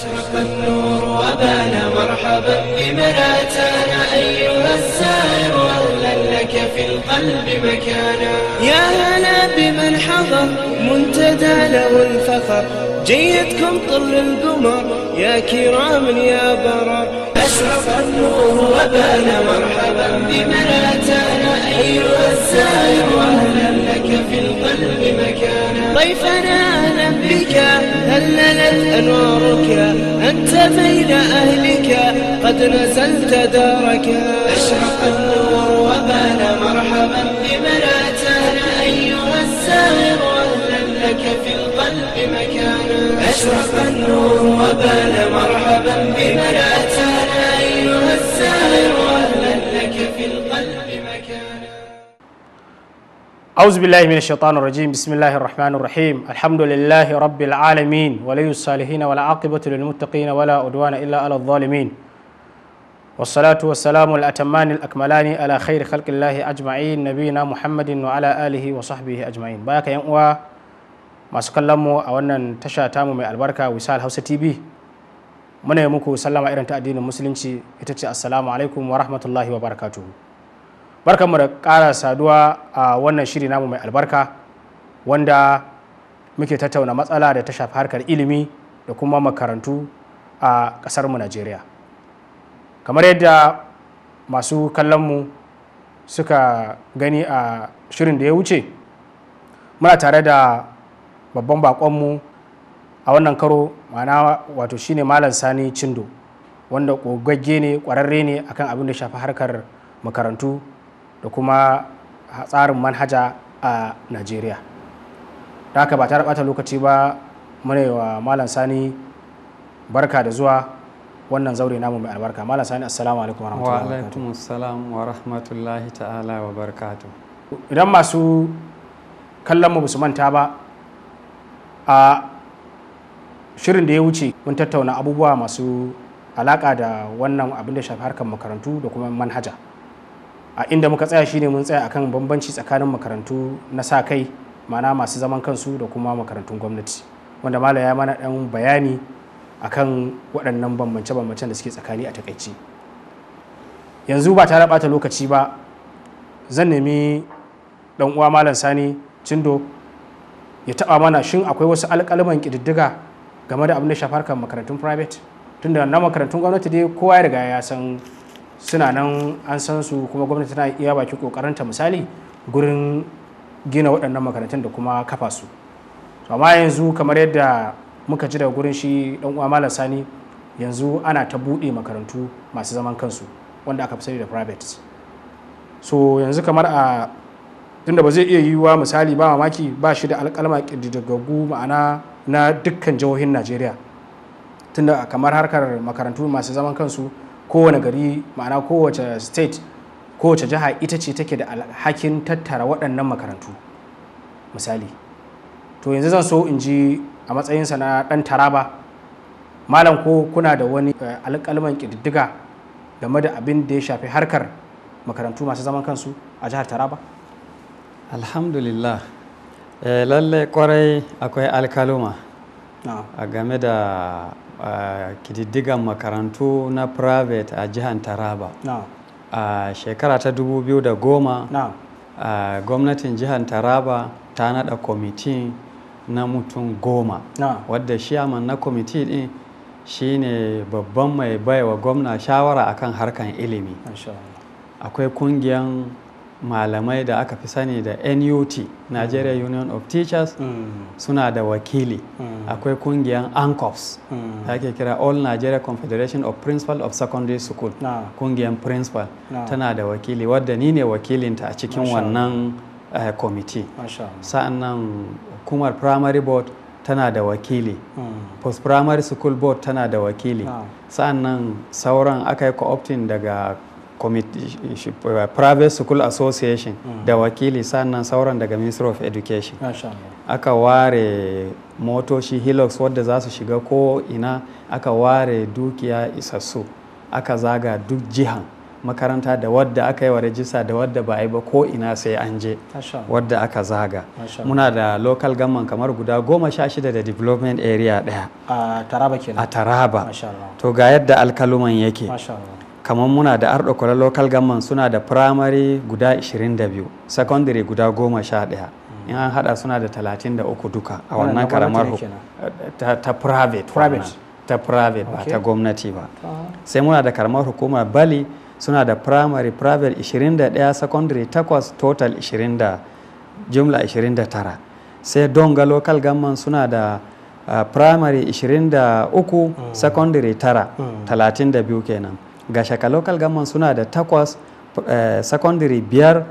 أشرق النور وبان مرحبا بمن أتانا أيها السائر أهلا لك في القلب مكانا يا هلا بمن حضر منتدى له الفخر جيدكم طل القمر يا كرام يا برر أشرق النور وبان مرحبا بمن أتانا أيها السائر أهلا لك في القلب مكانا ضيفنا أهلا بك هللت أنوارك أنت بين أهلك قد نزلت دارك أشرق النور وبان مرحبا بمن أتانا أيها السائر أهلا لك في القلب مكانا أشرق النور وبان مرحبا بمن أتانا سائر وأهلا لك في القلب مكانا أعوذ بالله من الشيطان الرجيم بسم الله الرحمن الرحيم الحمد لله رب العالمين ولي الصالحين ولا عاقبة للمتقين ولا عدوان إلا على الظالمين والصلاة والسلام الأتمان الأكملان على خير خلق الله أجمعين نبينا محمد وعلى آله وصحبه أجمعين باك يا masu kallon mu a wannan tasha tamu mai albarka wisal hausa tv muna yi muku sallama irin ta addinin musulunci ita ce assalamu alaikum wa rahmatullahi wa barkanmu da ƙara saduwa a wannan shiri namu mai albarka wanda muke tattauna matsala da ta shafi harkar ilimi da kuma makarantu a ƙasarmu najeriya kamar yadda masu kallon mu suka gani a shirin da ya wuce muna tare da babban baƙonmu a wannan karo ma'ana wato shine malam sani cindo wanda kogagge ne kwararre ne akan abin da shafi harkar makarantu da kuma tsarin manhaja a najeriya da haka ba ta bata lokaci ba muna wa malam sani barka da zuwa wannan zaure namu mai albarka malam sani assalamu alaikum wa rahmatullahi ta'ala wa barkatu idan masu kallon mu manta ba a shirin da ya wuce mun tattauna abubuwa masu alaƙa da wannan abin da shafi harkar makarantu da kuma manhaja a inda muka tsaya shine mun tsaya akan bambanci tsakanin makarantu na sa kai mana masu zaman kansu da kuma makarantun gwamnati wanda malam ya mana dan bayani akan waɗannan bambance-bambancen da suke tsakani a takaici yanzu ba tare bata lokaci ba zan nemi dan uwa malam sani cindo ya taɓa mana shin akwai wasu alƙalman kididdiga? game da abin da shafar kan makarantun private tunda na makarantun gwamnati dai kowa ya riga ya san suna nan an san su kuma gwamnati tana iya baki kokarin ta misali gurin gina waɗannan makarantun da kuma kafa su amma yanzu kamar yadda muka ji daga gurin shi dan uwa malam sani yanzu ana ta buɗe makarantu masu zaman kansu wanda aka fi sani da private so yanzu kamar a tunda ba zai iya yiwuwa misali ba mamaki ba shi da alƙalma ƙididdigaggu ma'ana na dukkan jihohin najeriya tunda kamar harkar makarantu masu zaman kansu kowane gari ma'ana kowace state kowace jiha ita ce take da alhakin tattara waɗannan makarantu misali to yanzu zan so in ji a matsayinsa na ɗan taraba malam ko kuna da wani eh, alƙalman ƙididdiga game da abin da ya shafi harkar makarantu masu zaman kansu a jihar taraba alhamdulillah Eh, lalle kwarai akwai alkaluma a game da kididdigan makarantu na private a jihar taraba a shekara ta 2010 gwamnatin jihar taraba ta nada kwamiti na mutum goma wadda shiyaman na kwamiti din shine babban mai baiwa gwamna shawara akan harkan ilimi akwai kungiyan malamai da aka fi sani da nut nigeria mm. union of teachers mm. suna da wakili mm. akwai kungiyar ancops da ake kira all nigeria confederation of principal of secondary school kungiyar principal tana da wakili wadda ni ne wakilinta a cikin wannan kwamiti eh, sa'annan hukumar primary board tana da wakili post primary school board tana da wakili sa'annan sauran aka yi co daga Uh, private school association hmm. da wakili sannan sauran daga ministry of education aka ware motoci hilux wadda za su shiga ko ina aka ware dukiya isassu aka zaga duk jihan makaranta da wadda aka yi wa rajista da wadda ba a yi ba ko ina sai an je wadda aka zaga muna da local government kamar guda goma sha shida da development area daya a taraba a taraba to ga yadda alkaluman yake kamar muna da arɗokola local government suna da primary guda 22 secondary guda 11 in an hada suna da 33 duka a wannan karamar ta private ta private ba ta gwamnati ba sai muna da karamar hukumar bali suna da primary private 21 secondary 8 total 20 jumla 29 sai donga local government suna da ah, primary 23 mm. secondary 9 32 mm. kenan ga shaka local government suna da takwas eh, secondary biyar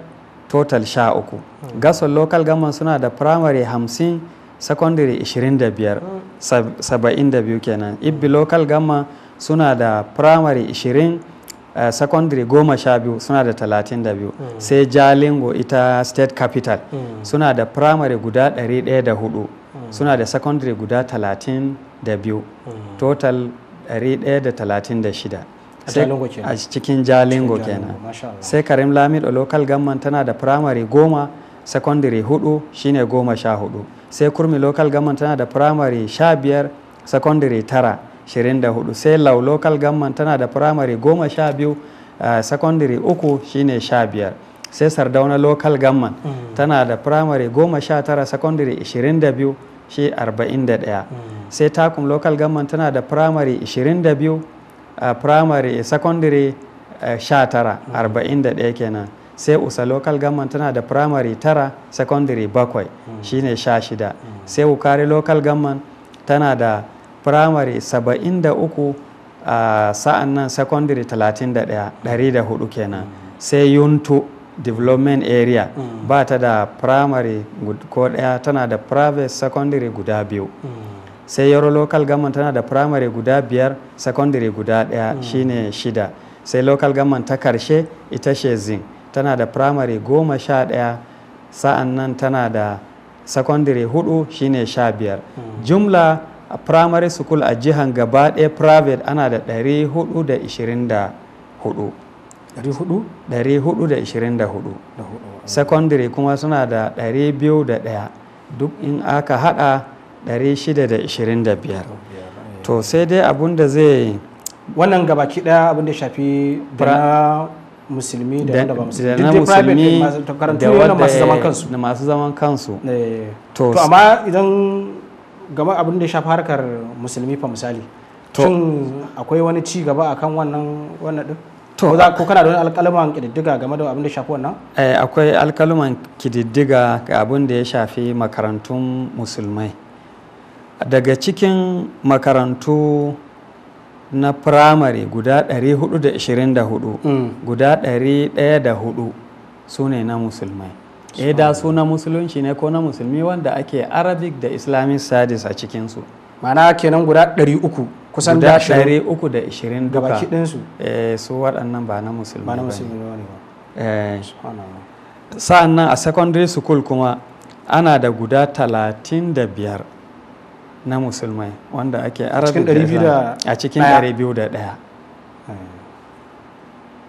total sha uku mm. gasol local government suna da primary hamsin secondary ishirin da biyar hmm. saba'in da biyu kenan ibbi local government suna da primary ishirin Uh, secondary goma sha biyu suna da talatin da biyu hmm. sai jalingo ita state capital hmm. suna da primary guda ɗari ɗaya da hudu suna da secondary guda talatin da biyu total ɗari ɗaya da talatin da shida a cikin jalingo kenan sai karim lamido local government tana da primary goma secondary hudu shine goma sha hudu sai kurmi local government tana da primary sha biyar secondary tara shirin da hudu sai lau local government tana da primary goma sha biyu eh, secondary uku shine sha biyar sai sardauna local government mm. tana da primary goma sha tara secondary ishirin da biyu shi arba'in da ɗaya mm. sai takum local government tana da primary ishirin da biyu primary secondary eh, sha tara arba'in da ɗaya kenan sai usa local government tana da primary tara secondary bakwai mm. shine sha shida mm. sai wukari local government tana da primary saba'in da uku sa'an nan secondary talatin da ɗaya ɗari da hudu kenan mm. sai yuntu development area ba ta da primary ko ɗaya tana da private secondary guda biyu sai yaro local government tana da primary guda biyar secondary guda daya mm. shine shida sai local government ta karshe ita shezin tana da primary goma sha daya sa'an nan tana da secondary hudu shine sha biyar mm. jumla a primary school a jihan gaba daya private ana da ɗari hudu da ishirin da hudu 424 hmm. secondary kuma suna da 201 duk in aka hada 625 to sai dai abun da zai wannan gabaki daya abun da shafi da na musulmi da wanda ba musulmi da wanda masu zaman kansu da masu zaman kansu eh. to amma idan gama abin da ya shafi harkar musulmi fa misali tun akwai wani ci gaba akan wannan wannan din to za ko kana da wani alƙaluman kididdiga game da abin da shafi wannan eh akwai alƙaluman kididdiga abin da ya shafi makarantun musulmai daga cikin makarantu na firamare guda 424 mm. guda 104 su ne na musulmai e da su na musulunci ne ko na musulmi wanda ake arabic da islamic studies a cikinsu mana kenan guda 300 kusan da 320 duka ɗinsu eh, su waɗannan ba na musulmi ba eh. sa'an nan a secondary school kuma ana da guda 35 na musulmai wanda ake arabi da a cikin 201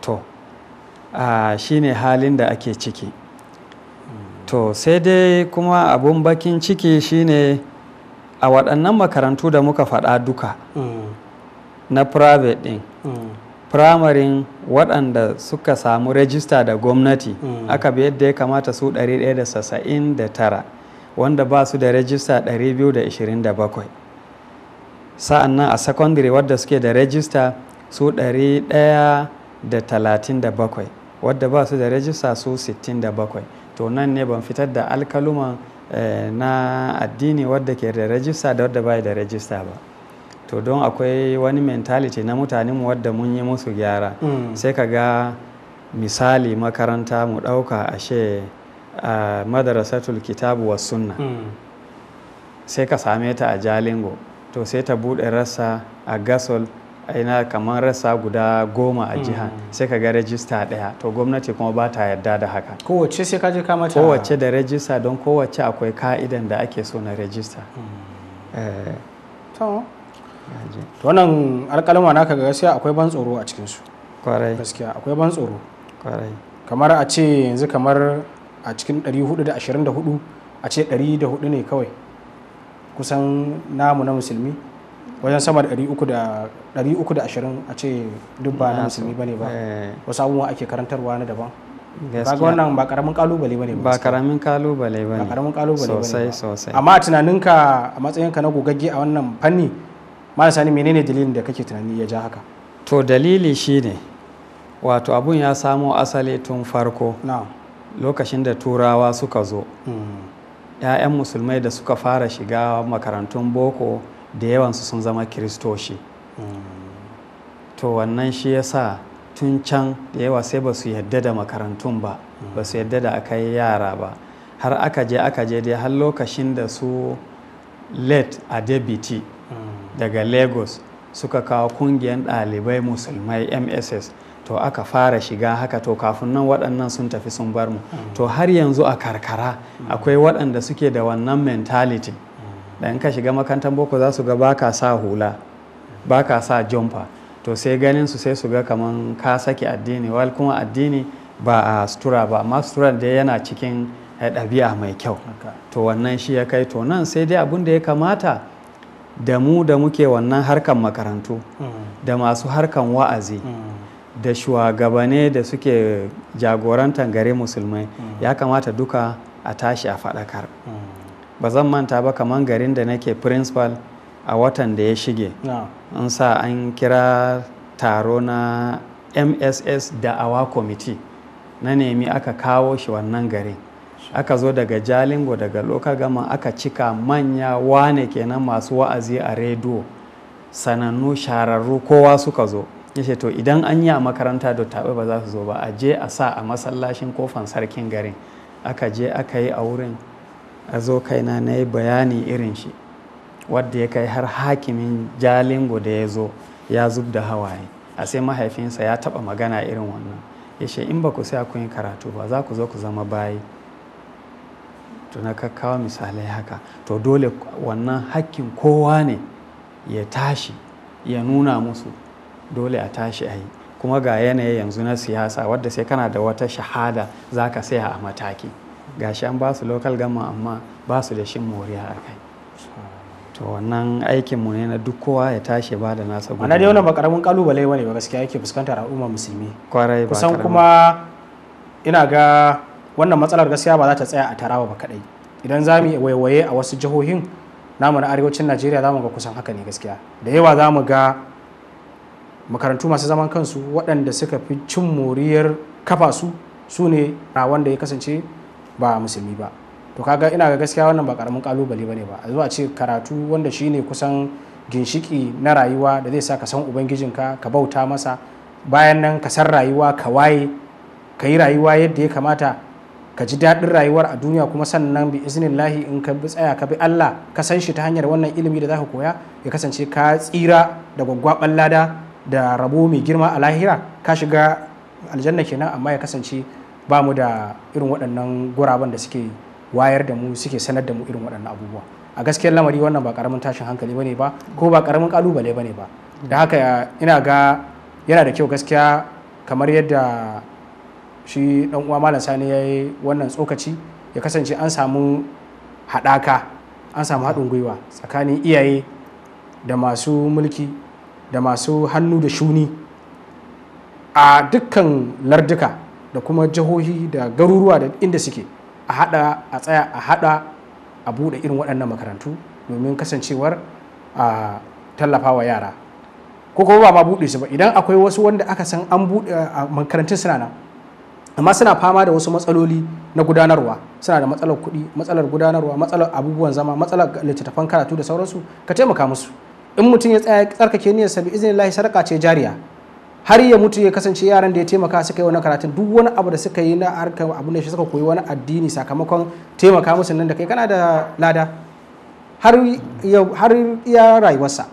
to shi ne halin da ake ciki to sai dai kuma abun bakin ciki shine a waɗannan makarantu da muka faɗa duka mm. na private din. firamarin mm. waɗanda suka samu rajista da gwamnati mm. aka bi yadda ya kamata su 199 wanda ba su da rajista 227 sa'an nan a secondary wadda suke da rajista su 137 wadda ba su da rajista su 67 to nan ne ban fitar da alkaluma eh, na addini wadda ke da rajista da wadda bai da rajista ba to don akwai wani mentality na mutanenmu wadda mun yi musu gyara mm. sai ka ga misali makaranta mu ɗauka ashe a madarasatul kitabu wa sunna hmm. sai ka same ta a jalingo to sai ta bude rasa a gasol aina kamar rasa guda goma a jiha hmm. sai ka ga rajista ɗaya to gwamnati kuma ba ta yarda da haka kowace sai ka je ka mata kowace da rajista don kowace akwai ka'idan da ake so na rajista hmm. eh. to wannan alƙalama naka ga sai akwai ban tsoro a cikinsu kwarai gaskiya akwai ban tsoro kwarai kamar a ce yanzu kamar a cikin 424 a ce 104 ne kawai kusan namu na musulmi wajen sama da 320 a ce duk ba na musulmi bane ba eh. wasu abubuwa ake karantarwa na daban kaga wannan ba karamin kalubale bane ba karamin kalubale bane ba karamin kalubale bane sosai sosai amma tunaninka a matsayinka na gogagge a wannan fanni malam sani menene dalilin da kake tunani ya ja haka to dalili shine wato abun ya samo asali tun farko na'am lokacin da turawa suka zo mm. ‘ya'yan musulmai da suka fara shiga makarantun boko da yawansu sun zama kiristoshi mm. to wannan shi ya sa tun can da yawa sai ba su yadda da makarantun ba mm. ba su yadda da aka yi yara ba har aka je aka je dai har lokacin da su late a debiti daga lagos suka kawo kungiyar ɗalibai musulmai mss to aka fara shiga haka to kafin nan waɗannan sun tafi sun bar mu to har yanzu a karkara akwai waɗanda suke da wannan mentality da in ka shiga makantan boko za su ga baka sa hula baka sa jumper to sai ganin su sai su ga kaman ka saki addini wal kuma addini ba a sutura ba amma sutura da yana cikin ɗabi'a mai kyau to wannan shi ya kai to nan sai dai abin da ya kamata da mu da muke wannan harkan makarantu mm. da masu harkan wa'azi mm. da shugabane da suke jagorantar gare musulmai mm. ya kamata duka a tashi a faɗakar mm. ba zan manta ba kamar garin da nake principal a watan da ya shige an sa an kira taro na mss da'awa committee na nemi aka kawo shi wannan garin aka zo daga jalingo daga local gama aka cika manya wane kenan masu wa'azi a rediyo sanannu shararru kowa suka zo ya ce to idan an yi a makaranta dattabai ba za su zo ba a je a sa a masallacin kofan sarkin garin aka je aka yi a wurin a zo kaina na yi bayani irin shi wadda ya kai har hakimin jalingo da ya zo ya zub da hawaye a sai mahaifinsa ya taba magana irin wannan ya ce in ba ku sai kun yi karatu ba za ku zo ku zama bayi to na kakkawa misalai haka to dole wannan hakkin kowa ne ya tashi ya nuna musu dole a tashi a yi kuma ga yanayi yanzu na siyasa wadda sai kana da wata shahada za ka saya a mataki ga shi an ba su local gama amma ba su da shin moriya a kai to wannan aikinmu ne na duk kowa ya tashi ba da nasa gudu. Ana dai wannan ba karamin kalubale bane ba gaskiya yake fuskantar al'umma musulmi. Kusan kuma ina ga wannan matsalar gaskiya ba za ta tsaya a Taraba ba kadai. Idan za mu waiwaye a wasu jihohin namu na arewacin Najeriya za mu ga kusan haka ne gaskiya. Da yawa za mu ga makarantu masu zaman kansu waɗanda suka fi cin moriyar kafa su su ne a wanda ya kasance ba musulmi ba to kaga ina ga gaskiya wannan ba karamin kalubale bane ba a zuwa ce karatu wanda shine kusan ginshiki na rayuwa da zai sa ka san ubangijinka ka bauta masa bayan nan ka san rayuwa ka waye ka yi rayuwa yadda ya kamata ka ji daɗin rayuwar a duniya kuma sannan bi lahi in ka bi tsaya ka bi Allah ka san shi ta hanyar wannan ilimi da zaka koya ya kasance ka tsira da gwaggwaban lada da rabo mai girma a lahira ka shiga aljanna kenan amma ya kasance ba mu da irin waɗannan guraben da suke wayar da mu suke sanar da mu irin waɗannan abubuwa a gaskiyar lamari wannan ba karamin tashin hankali bane ba ko ba karamin kalubale bane ba da haka ina ga yana da kyau gaskiya kamar yadda shi dan uwa malam sani ya yi wannan tsokaci ya kasance an samu haɗaka an samu haɗin gwiwa tsakanin iyaye da masu mulki da masu hannu da shuni a dukkan larduka da kuma jihohi da garuruwa da inda suke a hada a tsaya a hada a bude irin waɗannan makarantu domin kasancewar a wa yara ko kuma ba ma bude su ba idan akwai wasu wanda aka san an bude a makarantun suna nan amma suna fama da wasu matsaloli na gudanarwa suna da matsalar kuɗi matsalar gudanarwa matsalar abubuwan zama matsalar littattafan karatu da sauransu ka taimaka musu in mutum ya tsaya tsarkake sa bi izinin lahi sadaka ce jariya har ya mutu ya kasance yaran da ya taimaka suka yi wani karatun duk wani abu da suka yi na harkar abu ne shi suka koyi wani addini sakamakon taimaka musu nan da kai kana da lada har ya rayuwarsa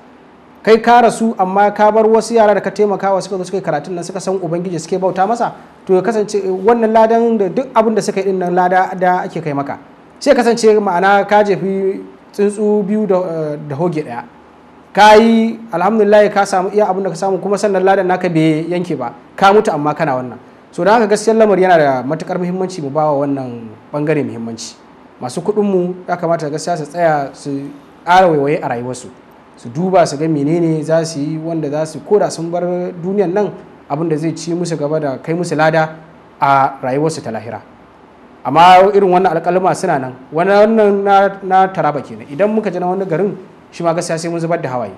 kai ka rasu amma ka bar wasu yara da ka taimaka wa suka zo suka yi karatun nan suka san ubangiji suke bauta masa to ya kasance wannan ladan da duk abin da suka yi din lada da ake kai maka sai kasance ma'ana ka jefi tsuntsu biyu da eh, hoge daya ka yi alhamdulillah ka samu iya abin da ka samu kuma sannan ladan naka bai yanke ba ka mutu amma kana wannan so da haka gaskiyar lamar yana da matukar muhimmanci mu bawa wannan bangare muhimmanci masu kuɗin mu ya kamata gaskiya su tsaya su ƙara waiwaye a rayuwarsu su duba su ga menene za su yi wanda za su koda sun bar duniyan nan abin da zai ci musu gaba da kai musu lada a rayuwarsu ta lahira amma irin wannan alƙaluma suna nan wannan na taraba kenan idan muka ji na wani garin shi ma gaskiya sai mun zubar da hawaye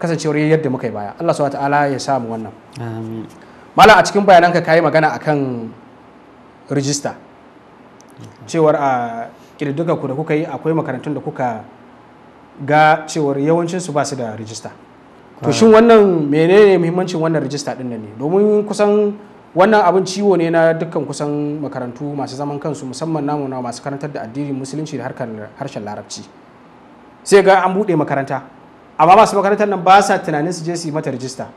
kasancewar yadda muka yi baya Allah subhanahu ta'ala ya samu wannan amin a cikin bayanan ka kayi magana akan register cewar a kididdiga ku da kuka yi akwai makarantun da kuka ga cewar yawancin su ba su da register to shin wannan menene muhimmancin wannan register din ne domin kusan wannan abin ciwo ne na dukkan kusan makarantu masu zaman kansu musamman namu na masu karantar da addinin musulunci da harkar harshen larabci sai ga an buɗe makaranta amma masu makarantar nan ba sa tunanin su je su yi mata rijista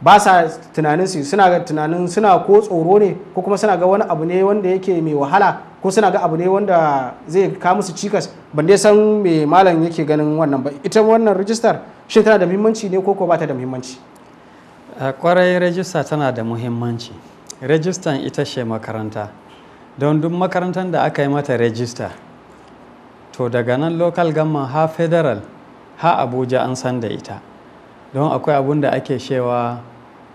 ba sa tunanin su suna ga tunanin suna ko tsoro ne ko kuma suna ga wani abu ne wanda yake mai wahala ko suna ga abu ne wanda zai ka musu cikas ban dai san me malam yake ganin wannan ba ita wannan rijistar shi tana da muhimmanci ne ko ko ba ta da muhimmanci eh, kwarai rijista tana da muhimmanci rijistan ita ce makaranta don duk makarantar da aka yi mata rajista to daga nan local government ha federal ha abuja an san da ita don akwai abun da ake cewa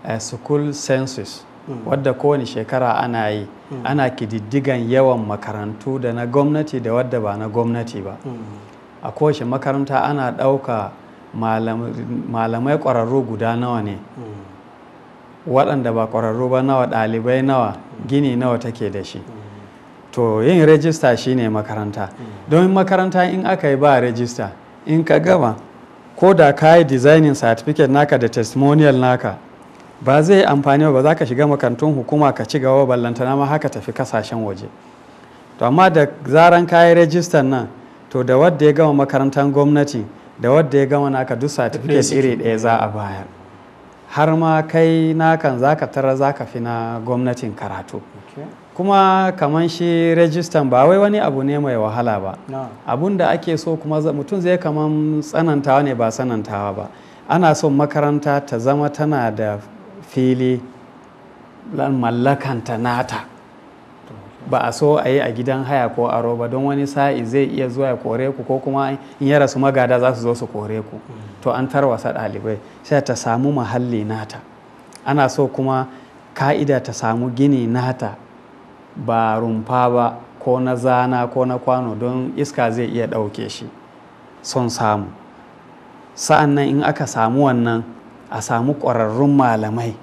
uh, school census mm. wadda kowane shekara ana yi hmm. ana kididdigan yawan makarantu da na gwamnati da wadda ba na gwamnati ba hmm. a kowace makaranta ana ɗauka malamai ƙwararru guda nawa ne hmm. waɗanda ba ƙwararru ba nawa ɗalibai nawa gini nawa take da shi to yin rajista shine makaranta don makaranta in aka yi ba rajista in ka gama ko da ka yi designing certificate naka da testimonial naka ba zai amfani ba za ka shiga makarantun hukuma ka ci gaba ballantana ma haka tafi kasashen waje to amma da zaran ka yi rajistan nan to da wadda ya gama makarantar gwamnati da wadda ya gama naka duk certificate iri ɗaya za a bayar har ma kai nakan za ka tara za ka fi na gwamnatin karatu kuma kamar shi rajistan ba wai wani abu ne mai wahala ba abun da ake so kuma mutum zai kamar tsanantawa ne ba tsanantawa ba ana so makaranta ta zama tana da fili mallakanta nata ba a so a yi a gidan haya ko aro ba don wani sa'i zai iya zuwa ya kore ku ko kuma in ya rasu magada za su zo su kore ku mm. to an tarwasa ɗalibai sai ta samu mahalli nata ana so kuma ka'ida ta samu gini nata ba rumfa ba ko na zana ko na kwano don iska zai iya ɗauke shi son samu sa'an nan in aka samu wannan a samu ƙwararrun malamai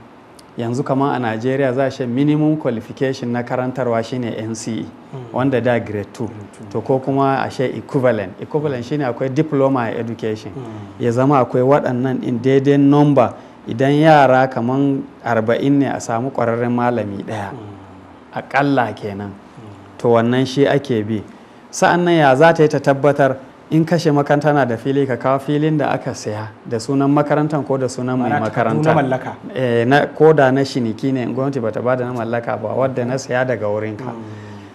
yanzu kamar a najeriya za shi minimum qualification na karantarwa shine nce wanda da grade 2 to ko kuma a shi equivalent equivalent shine akwai diploma a education ya zama akwai waɗannan in daidai number idan yara kaman 40 ne a samu ƙwararren malami ɗaya aƙalla kenan to wannan shi ake bi sa'an nan ya za ta yi ta tabbatar in kashe makaranta na da fili ka kawo filin da aka saya da sunan makarantar ko da sunan mai makaranta eh, na ko da na shiniki ne gwamnati bata bada na mallaka ba wadda na saya daga wurin ka hmm.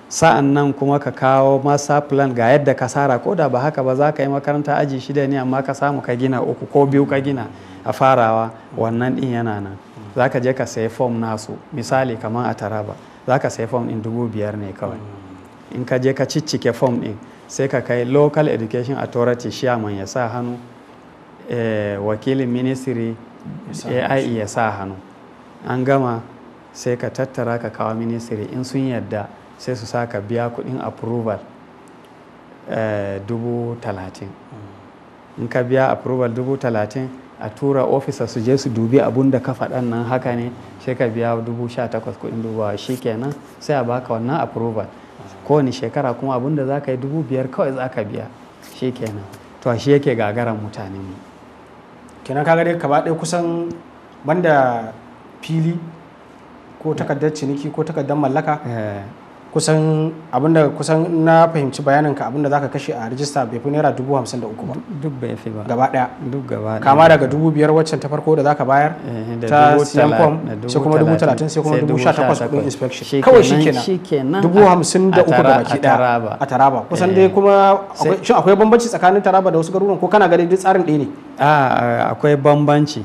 sa'an nan kuma ka kawo masa plan ga yadda ka sara ko da ba haka ba za ka yi makaranta aji shida ne amma ka samu ka gina uku ko biyu ka gina a farawa wannan din yana nan za ka je ka sayi fom nasu misali kamar a taraba za ka sai fom ɗin dubu biyar ne kawai in ka je ka ciccike fom ɗin sai ka kai local education authority shaman ya sa hannu eh, wakilin ministry ai ya sa hannu an gama sai ka tattara ka kawo ministry in sun yadda sai su sa ka biya kuɗin approval eh, dubu talatin mm. in ka biya approval dubu talatin a tura ofisa su je su dubi abun da ka faɗan nan haka ne sai biya dubu sha takwas kuɗin shi kenan sai a baka wannan approval kowane shekara kuma abun da za ka yi dubu biyar kawai za ka biya shi kenan to shi yake gagaran mutane mu kenan kaga dai kaba ɗaya kusan banda fili ko takardar ciniki ko takardar mallaka eh. kusan abinda kusan na fahimci bayanin ka abinda zaka kashe a rijista bai fi naira dubu hamsin da uku ba duk bai fi ba gaba daya duk gaba kama daga dubu biyar waccan ta farko da zaka bayar eh, ta siyan kwam sai kuma dubu talatin sai kuma dubu sha takwas kudin inspection kawai kenan dubu hamsin da uku da baki daya a taraba kusan dai eh. kuma shin akwai bambanci tsakanin taraba da wasu garuruwan ko kana ganin duk tsarin ɗaya ne ah, akwai bambanci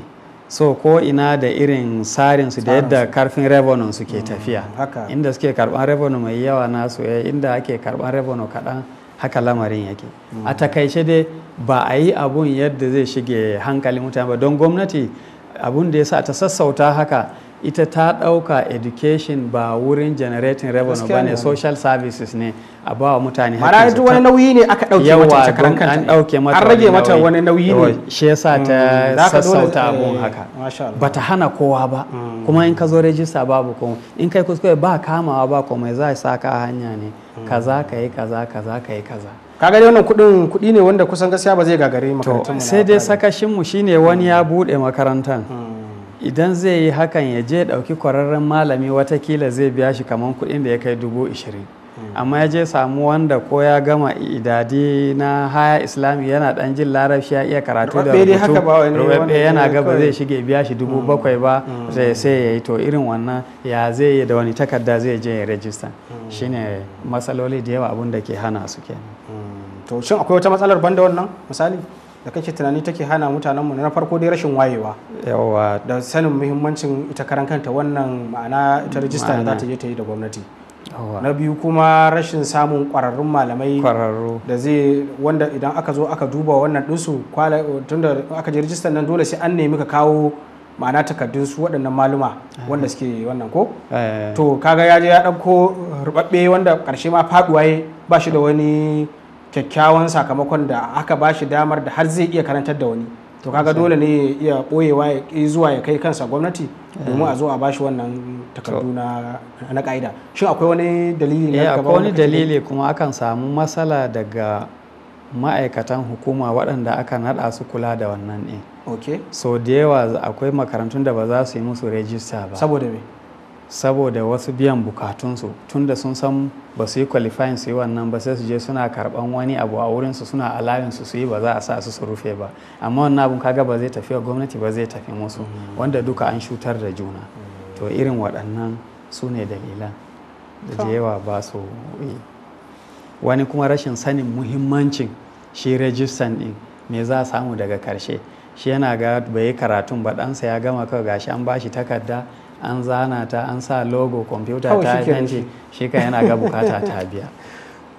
so ko ina da irin tsarinsu da yadda karfin revenue suke mm, tafiya inda suke karban revenue mai yawa na nasu eh, inda ake karban revenue kaɗan haka lamarin yake mm. a takaice dai ba a yi abun yadda zai shige hankali mutane ba don gwamnati abun da ya sa ta sassauta haka ita ta ɗauka education ba wurin generating revenue ba ne social services ne a ba wa mutane mara duk wani nauyi ne aka ɗauke mata ta karan kanta an ɗauke mata an rage mata wani nauyi ne shi yasa ta mm, mm, mm. sassauta abun eh, haka ba ta hana kowa ba kuma in ka zo rajista babu komai in kai kuskure ba kamawa ba komai za a saka hanya ne kaza ka yi kaza kaza ka yi kaza ka gani wannan kudin kudi ne wanda kusan gaskiya ba zai gagare makarantar mu sai dai sakashin mu shine wani ya bude makarantar idan zai yi hakan ya je ɗauki kwararren malami watakila zai biya shi kamar kuɗin da ya kai dubu ishirin amma ya je samu wanda ko ya gama idadi na haya islami yana dan jin larabci ya iya karatu da rubutu yana gaba zai shige biya shi dubu mm. bakwai ba mm. zai sai ya yi to irin wannan ya zai yi da wani takarda zai je ya rajista mm. shine matsaloli da yawa abun da ke hana su kenan to shin akwai wata matsalar banda wannan misali da kake tunani take hana mutanenmu na farko dai rashin wayewa yawa da sanin muhimmancin ita karan kanta wannan ma'ana ita rijista da za ta je ta yi da gwamnati na biyu kuma rashin samun kwararrun malamai da zai wanda idan aka zo aka duba wannan tun tunda aka je rijistar nan dole sai an nemi ka kawo ma'ana takardun su waɗannan maluma wanda suke wannan ko eh, eh, eh. to kaga ya je ya ɗauko rubabbe wanda ƙarshe ma faɗuwa ba shi da wani kyakkyawan sakamakon da aka ba shi damar da har zai iya karantar da wani to kaga dole ne ya boyewa ya zuwa ya kai kansa gwamnati domin a zo a bashi wannan takardu na na ka'ida shin akwai wani dalili ne eh, akwai wani dalili kuma akan samu matsala daga ma'aikatan hukuma waɗanda aka naɗa su kula da wannan ne okay so da yawa akwai makarantun da ba za su yi musu rejista ba saboda me saboda wasu biyan bukatunsu tunda sun san ba su yi qualifying su yi wannan ba sai su je suna karban wani abu a wurinsu suna alawinsu su yi ba za a sa su su rufe ba amma wannan abun kaga ba zai tafi gwamnati ba zai tafi musu mm. wanda duka an shutar da juna mm. to irin waɗannan su ne dalilan da yawa ba su yi wani kuma rashin sanin muhimmancin shi rajistan din me za a samu daga karshe shi yana ga bai karatun ba ɗansa ya gama kawai gashi an bashi takarda an zana ta an sa logo kwamfuta ta yanci shi kan yana ga bukata ta biya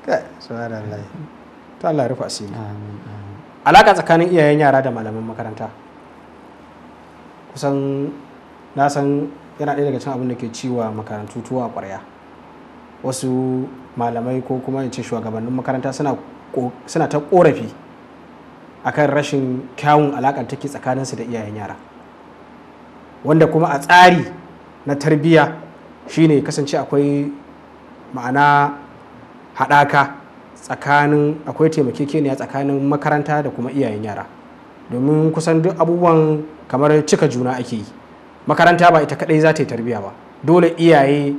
ta Allah rufa asiri alaka tsakanin iyayen yara da malaman makaranta kusan na san yana ɗaya daga cin abin da ke ciwa makarantu tuwa a ƙwarya wasu malamai ko kuma in ce shugabannin makaranta suna ta ƙorafi akan rashin kyawun alaƙar take tsakaninsu da iyayen yara wanda kuma a tsari na tarbiyya shine kasance akwai ma'ana haɗaka tsakanin akwai taimakekeniya tsakanin makaranta da kuma iyayen yara domin kusan duk abubuwan kamar cika juna ake yi makaranta ba ita kadai za ta yi tarbiyya ba dole iyaye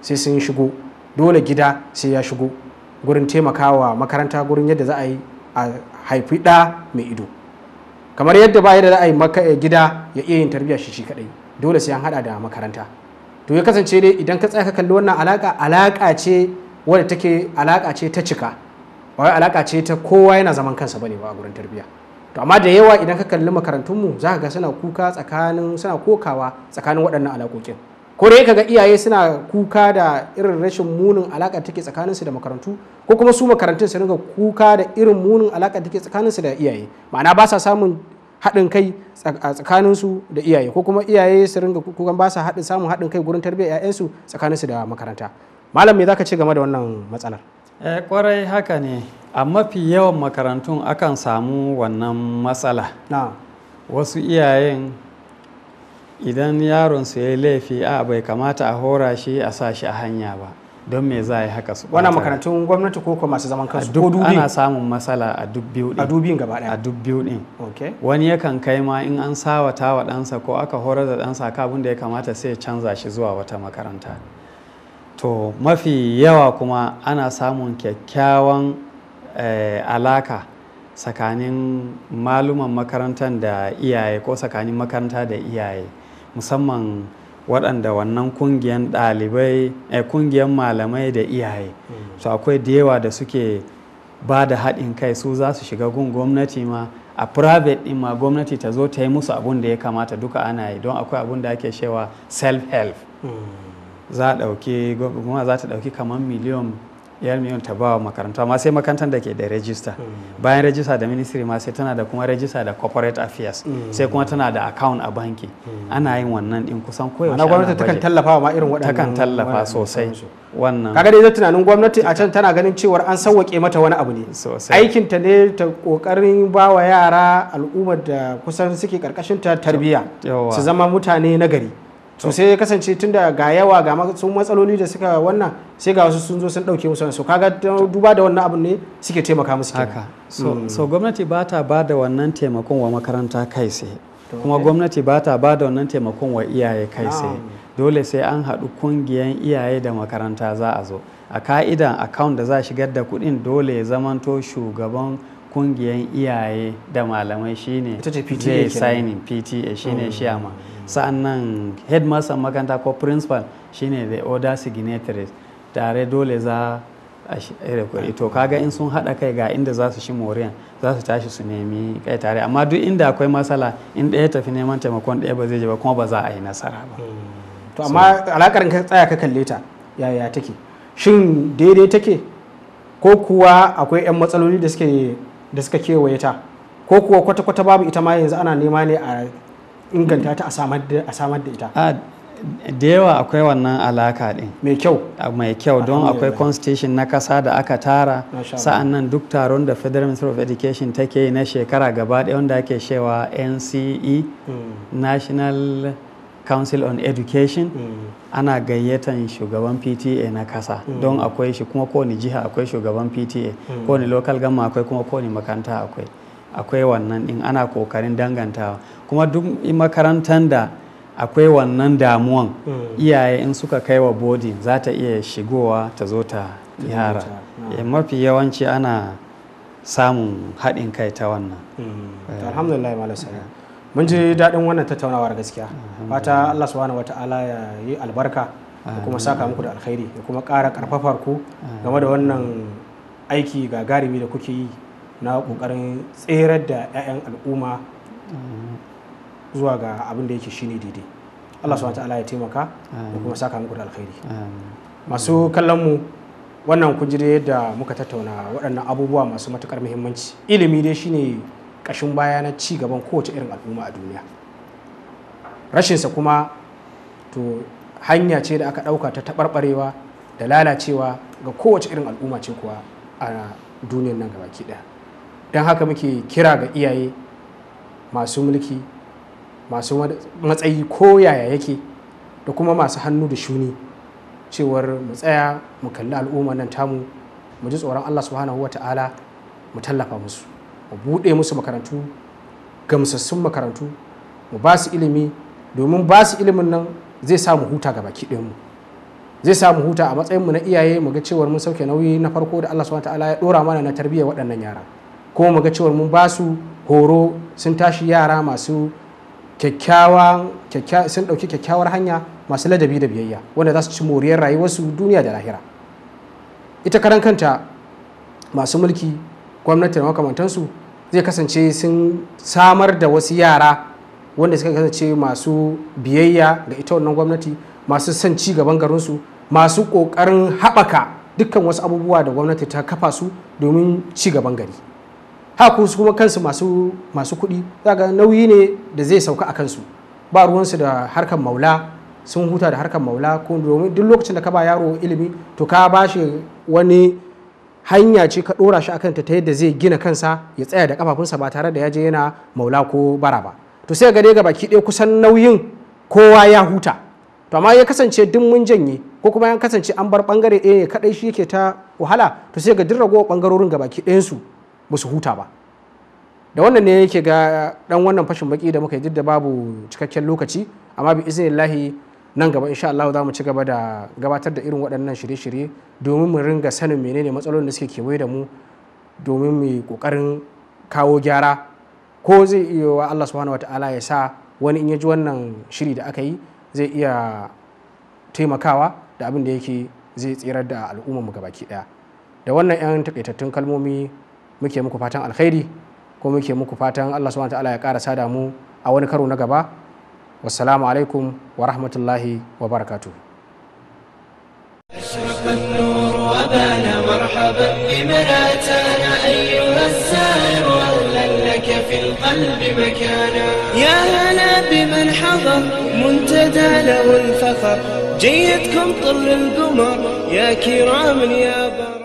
sai sun shigo dole gida sai ya shigo gurin taimakawa makaranta gurin yadda za a yi a haifi ɗa mai ido kamar yadda ba yadda za a yi eh, gida ya iya yin tarbiya shi shi kadai dole sai an hada da makaranta to ya kasance dai idan ka tsaya ka kalli wannan alaka alaka ce wadda take alaka ce ta cika ba wai alaka ce ta kowa yana zaman kansa bane ba a gurin tarbiyya to amma da yawa idan ka kalli makarantun mu zaka ga suna kuka tsakanin suna kokawa tsakanin waɗannan alakokin ko dai kaga iyaye suna kuka da irin rashin munin alaka take tsakanin su da makarantu ko kuma su makarantun su ringa kuka da irin munin alaka take tsakanin su da iyaye ma'ana ba sa samun haɗin kai a tsakaninsu da iyaye ko kuma iyaye su ringa kukan ba su haɗin samun haɗin kai gurin tarbiyyar 'ya'yansu tsakaninsu da makaranta malam me zaka ce game da wannan matsalar kwarai eh, haka ne a mafi yawan makarantun akan samu wannan matsala wasu iyayen idan yaron su ya laifi a bai kamata a hora shi a sa shi a hanya ba don me za a yi haka su wannan makarantun gwamnati ko kuma masu zaman kansu ko dubi ana samun matsala a duk dubin gaba daya a duk biyu wani yakan kai ma in an sawata wa ɗansa ko aka horar da ɗansa ka abin da ya kamata sai ya canza shi zuwa wata makaranta to mafi yawa kuma ana samun kyakkyawan eh, alaka tsakanin maluman makarantar da iyaye ko tsakanin makaranta da iyaye musamman waɗanda wannan kungiyan ɗalibai a eh, kungiyan malamai da iyaye hmm. su akwai da yawa da suke ba da haɗin kai su za su shiga gun gwamnati ma a private ɗin ma gwamnati ta zo ta yi musu abun da ya kamata duka ana yi don akwai abun da ake cewa self-help hmm. za ta ɗauki kamar miliyan yalmiyon ta ba wa makaranta amma sai makarantar da ke da rejista mm. bayan rajista da ministry ma sai tana da kuma rejista da corporate affairs mm. sai kuma tana da account a banki mm. ana yin wannan din kusan koyaushe ana gwamnati takan tallafa ma irin waɗannan takan tallafa sosai wannan kaga dai tunanin gwamnati a can tana ganin cewa an sauwaƙe mata wani abu ne aikin ta ne ta kokarin ba wa yara al'ummar da kusan suke karkashin ta tarbiyya su zama mutane na gari to sai ya kasance tunda ga yawa ga masu matsaloli da suka wannan sai ga wasu sun zo sun dauke musu so kaga duba da wannan abin ne suke taimaka musu haka mm. so gwamnati ba ta ba da wannan taimakon wa makaranta kai sai kuma eh. gwamnati ba ta ba da wannan taimakon wa iyaye kai sai dole sai an haɗu kungiyan iyaye da makaranta za a zo a ka'idan account da za a shigar da kuɗin dole ya zamanto shugaban kungiyan iyaye da malamai shine zai signing pta shine shi amma sa'an nan headmaster makaranta ko principal shine the order signatories tare dole za a shirya eh, to kaga in sun haɗa kai ga inda za su shi moriyan za su tashi su nemi kai tare amma duk inda akwai matsala in ɗaya tafi neman taimakon ɗaya ba zai je ba kuma ba za a yi nasara ba hmm. to amma alakar ka tsaya ka kalle ta yaya take shin daidai take ko kuwa akwai 'yan matsaloli da da suka kewaye ta ko kuwa kwata-kwata babu ita ma yanzu ana nema ne a inganta ta a samar da ita ah, da yawa akwai wannan alaka din mai kyau ah, mai kyau don akwai constitution na kasa da aka tara sa'an nan duk taron da federal ministry of education take yi na shekara gaba daya wanda ake cewa nce hmm. national council on education hmm. ana gayyatan shugaban pta na kasa hmm. don akwai shi kuma kowane jiha akwai shugaban pta kowane local gama akwai kuma kowane makanta akwai akwai wannan in ana kokarin dangantawa kuma duk makarantar da akwai wannan damuwan hmm. iyaye in suka kai wa bodi za ta iya shigowa ta zo ta yara eh, mafi yawanci ana samun haɗin kai ta wannan hmm. eh. alhamdulillah mun ji daɗin wannan tattaunawar gaskiya fata allah subhanahu wata'ala ya yi albarka da kuma saka muku da alkhairi da kuma ƙara ƙarfafar ku game da wannan aiki gagarumi da kuke yi na kokarin tserar da 'ya'yan al'umma zuwa ga abin da yake shine daidai Allah subhanahu ta'ala ya taimaka da kuma saka muku da alkhairi masu kallon mu wannan kujire da muka tattauna waɗannan abubuwa masu matukar muhimmanci ilimi dai shine kashin baya na ci gaban kowace irin al'umma a duniya rashinsa kuma to hanya ce da aka ɗauka ta taɓarɓarewa da lalacewa ga kowace irin al'umma ce kuwa a duniyar nan gabaki ɗaya don haka muke kira ga iyaye masu mulki masu matsayi ko yaya yake da kuma masu hannu da shuni cewar mu tsaya mu kalli al'umma nan tamu mu ji tsoron allah subhanahu wa ta'ala mu tallafa musu mu buɗe musu makarantu gamsassun makarantu mu ba su ilimi domin ba su ilimin nan zai sa mu huta ga baki mu zai sa mu huta a matsayinmu na iyaye mu ga cewar mun sauke nauyi na farko da allah subhanahu wa ta'ala ya ɗora mana na tarbiyyar waɗannan yaran. kuma mu ga cewar mun ba su horo sun tashi yara masu sun ɗauki kyakkyawar hanya masu ladabi da biyayya wanda za su ci moriyar rayuwarsu duniya da lahira ita karan kanta masu mulki gwamnati da makamantansu zai kasance sun samar da wasu yara wanda suka kasance masu biyayya ga ita wannan gwamnati masu son ci gaban garinsu masu ƙoƙarin haɓaka dukkan wasu abubuwa da gwamnati ta kafa su domin ci gaban gari haku su kuma kansu masu masu kuɗi zaga nauyi ne da zai sauka a kansu ba ruwansu da harkar maula sun huta da harkar maula ko domin duk lokacin da ka ba yaro ilimi to ka ba shi wani hanya ce ka ɗora shi akan ta ta yadda zai gina kansa ya tsaya da kafafunsa ba tare da ya je yana maula ko bara ba to sai ga dai ga ɗaya kusan nauyin kowa ya huta to amma ya kasance duk mun janye ko kuma ya kasance an bar bangare ɗaya ne kaɗai shi yake ta wahala to sai ga duk ragowar bangarorin ga baki su ba su huta ba da wannan ne yake ga dan wannan fashin baki da muka yi duk da babu cikakken lokaci amma bi iznillahi nan gaba insha Allah za mu ci gaba da gabatar da irin waɗannan shirye-shirye domin mu ringa sanin menene matsalolin da suke kewaye da mu domin mu kokarin kawo gyara ko zai iya wa Allah subhanahu wataala ya sa wani in ya ji wannan shiri da aka yi zai iya taimakawa da abin da yake zai tsirar da al'ummar mu gabaki daya da wannan 'yan takaitattun kalmomi muke muku fatan alkhairi ko muke muku fatan Allah subhanahu ta'ala ya karasa da mu a wani karo na gaba wassalamu alaikum wa rahmatullahi wa barakatuh يا هلا بمن حضر منتدى له الفخر جيتكم طل القمر يا كرام يا بر